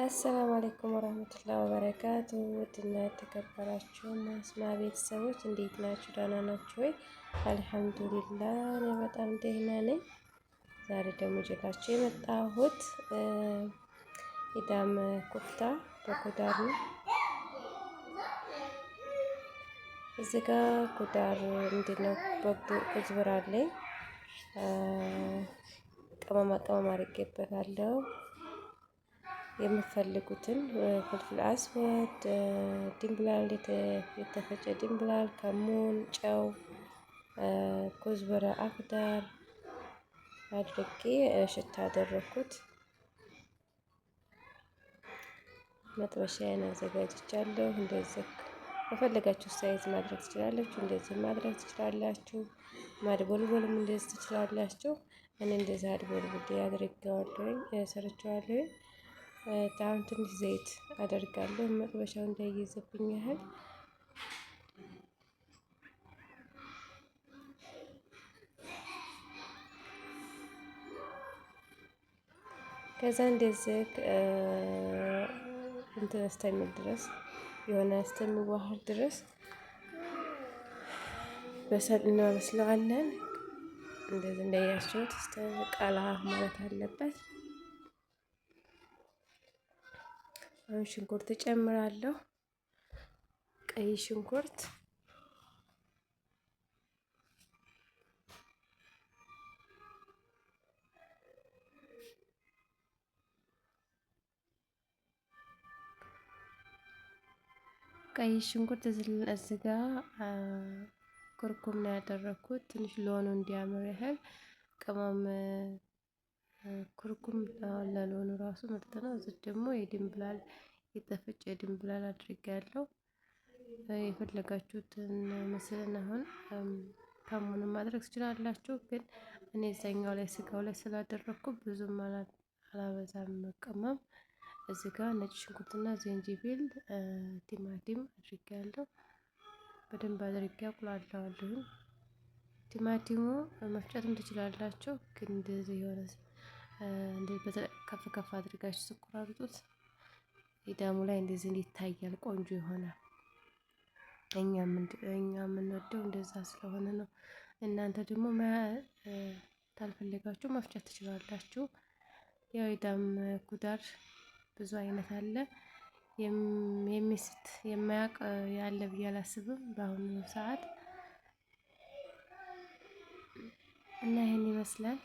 አሰላሙ አለይኩም ወራህመቱላሂ ወበረካቱ። ውድና የተከበራችሁ ማስማ ቤተሰቦች እንዴት ናችሁ? ደህና ናችሁ ወይ? አልሐምዱሊላህ እኔ በጣም ደህና ነኝ። ዛሬ ደግሞ ይዤላችሁ የመጣሁት ኢዳም ኩፍታ በኩዳር ነው። እዚህ ጋ ኩዳር ምንድን ነው ኩዝብራ አለኝ። ቅመማ ቅመም አድርጌበታለሁ የምትፈልጉትን ፍልፍል አስወድ፣ ድንብላል፣ የተፈጨ ድንብላል፣ ከሙን፣ ጨው፣ ኮዝበረ አክዳር አድርጌ ሽታ አደረኩት። መጥበሻዬን አዘጋጅቻለሁ። እንደዚህ በፈለጋችሁ ሳይዝ ማድረግ ትችላላችሁ። እንደዚህ ማድረግ ትችላላችሁ። ማድቦልቦልም እንደዚህ ትችላላችሁ። እኔ እንደዚህ አድቦልቦል አድርጌዋለሁኝ ሰርቼዋለሁኝ። አሁን ትንሽ ዘይት አደርጋለሁ መጥበሻው እንዳይዘብኝ ያህል ከዛ እንደዚህ እንትን እስከሚል ድረስ የሆነ እስከሚዋሃድ ድረስ በሰል እናበስለዋለን። እንደዚህ እንዳያችሁት እስከ ቃላ ማለት አለበት። አሁን ሽንኩርት ጨምራለሁ። ቀይ ሽንኩርት ቀይ ሽንኩርት እዚህ ጋ ኩርኩም ነው ያደረኩት። ትንሽ ለሆኑ እንዲያምር ያህል ቅመም ኩርኩም ላለሆኑ ራሱ ምርጥ ነው። እዚህ ደግሞ የድንብላል የተፈጨ ድንብላል አድርጌያለሁ። የፈለጋችሁትን ምስልን አሁን ከሙንም ማድረግ ትችላላችሁ። ግን እኔ እዛኛው ላይ ስጋው ላይ ስላደረግኩ ብዙም አላበዛም መቀመም። እዚህ ጋር ነጭ ሽንኩርትና ዝንጅብል፣ ቲማቲም አድርጌያለሁ። በደንብ አድርጌ አቁላለዋለሁ። ቲማቲሙ መፍጨትም ትችላላችሁ። ግን እንደዚህ የሆነ ከፍ ከፍ አድርጋችሁ ስቆራርጡት ኢዳሙ ላይ እንደዚህ ይታያል፣ ቆንጆ ይሆናል። እኛ የምንወደው እንደዛ ስለሆነ ነው። እናንተ ደግሞ ታልፈልጋችሁ መፍጨት ትችላላችሁ። ያው ኢዳም ጉዳር ብዙ አይነት አለ። የሚስት የማያውቅ ያለ ብዬ አላስብም በአሁኑ ሰዓት እና ይህን ይመስላል።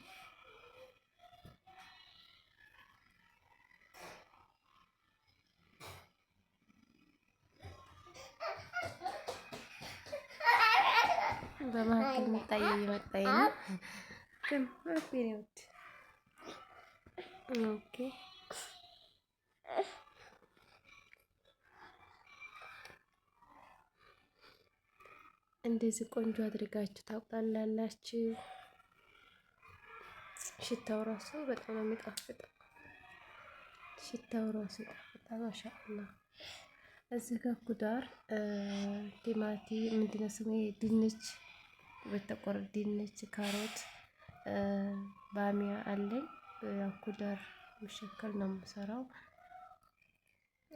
በመሀከል የሚታይ እየመጣ ነው። ኦኬ እንደዚህ ቆንጆ አድርጋችሁ ታቁላላላችሁ። ሽታው ራሱ በጣም ነው የሚጣፍጠው። ሽታው ራሱ ይጣፍጣል። ማሻአላ እዚህ ጋር ጉዳር ቲማቲ ምንድነው ስሙ ድንች በተቆር ድንች፣ ካሮት፣ ባሚያ አለኝ። ያው ኩዳር ምሸከል ነው የምሰራው።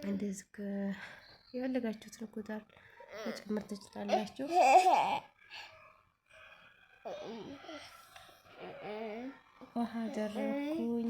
እንደዚህ የፈለጋችሁትን ኩዳር መጨመር ትችላላችሁ። ውሃ ደረኩኝ።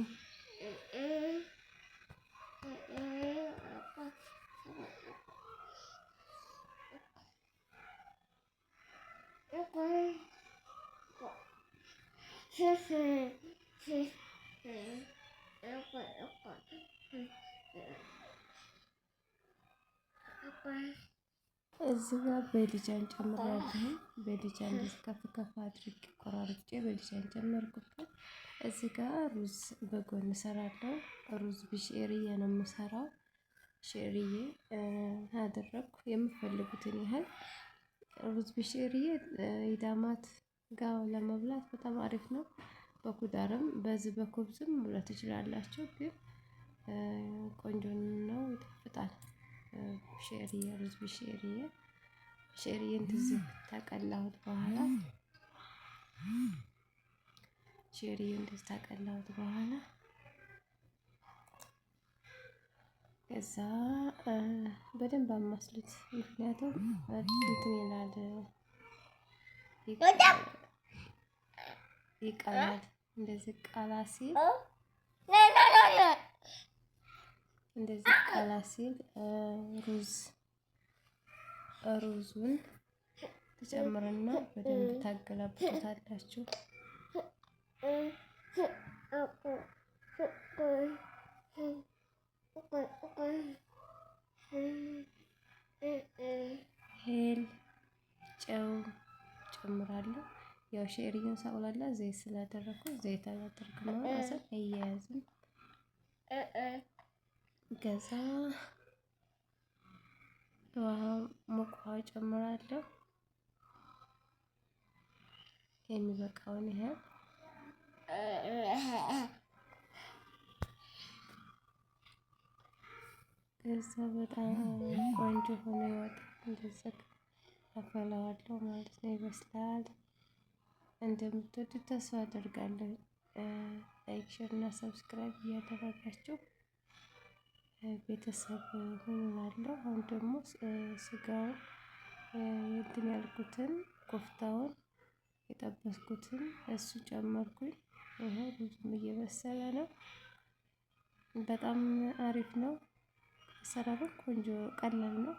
እዚህ ጋር በዲጃን ጨምሬያለሁ። በዲጃን ከፍ ከፍ አድርጌ ቆራርጬ በዲጃን ጨመርኩበት። እዚህ ጋር ሩዝ በጎን እሰራለሁ። ሩዝ ብሽዕርዬ ነው የምሰራው። ሽዕርዬ አደረግኩ የምፈልጉትን ያህል ሩዝ ብሽዕርዬ ኢዳማት ጋር ለመብላት በጣም አሪፍ ነው። በኩዳርም በዚህ በኩብዝም መብላት ትችላላችሁ። ግን ቆንጆ ብሽዕርየ ሩዝ ብሽዕርየ ብሽዕርየ እንደዚህ ታቀላሁት በኋላ ብሽዕርየ እንደዚህ ታቀላሁት በኋላ ከዛ በደንብ አማስሉት። ምክንያቱም እንትን ይላል ይቃላል። እንደዚህ ቃላ ሲል እንደዚህ ቀላ ሲል ሩዝ ሩዙን ተጨምርና በደንብ ታገላብጡታላችሁ። ሄል ጨው ጨምራለሁ። ያው ሼሪን ሳውላላ ዘይት ስላደረኩ ዘይት አላደርግም ነው አሰብ እያያዝም ገዛ ውሃ ሙቅ ውሃ ጨምራለሁ። የሚበቃውን ይሄ ገዛ በጣም ቆንጆ ሆኖ ይወጣል። እንደዚህ አፈላዋለሁ ማለት ነው። ይበስላል። እንደምትወዱት ተስፋ አደርጋለሁ። ላይክ፣ ሼር እና ሰብስክራይብ እያደረጋችሁ ቤተሰብ ሆኖላለሁ። አሁን ደግሞ ስጋውን እንትን ያልኩትን ኮፍታውን የጠበስኩትን እሱ ጨመርኩኝ ይሄ ብዙም እየበሰለ ነው። በጣም አሪፍ ነው። አሰራሩ ቆንጆ ቀላል ነው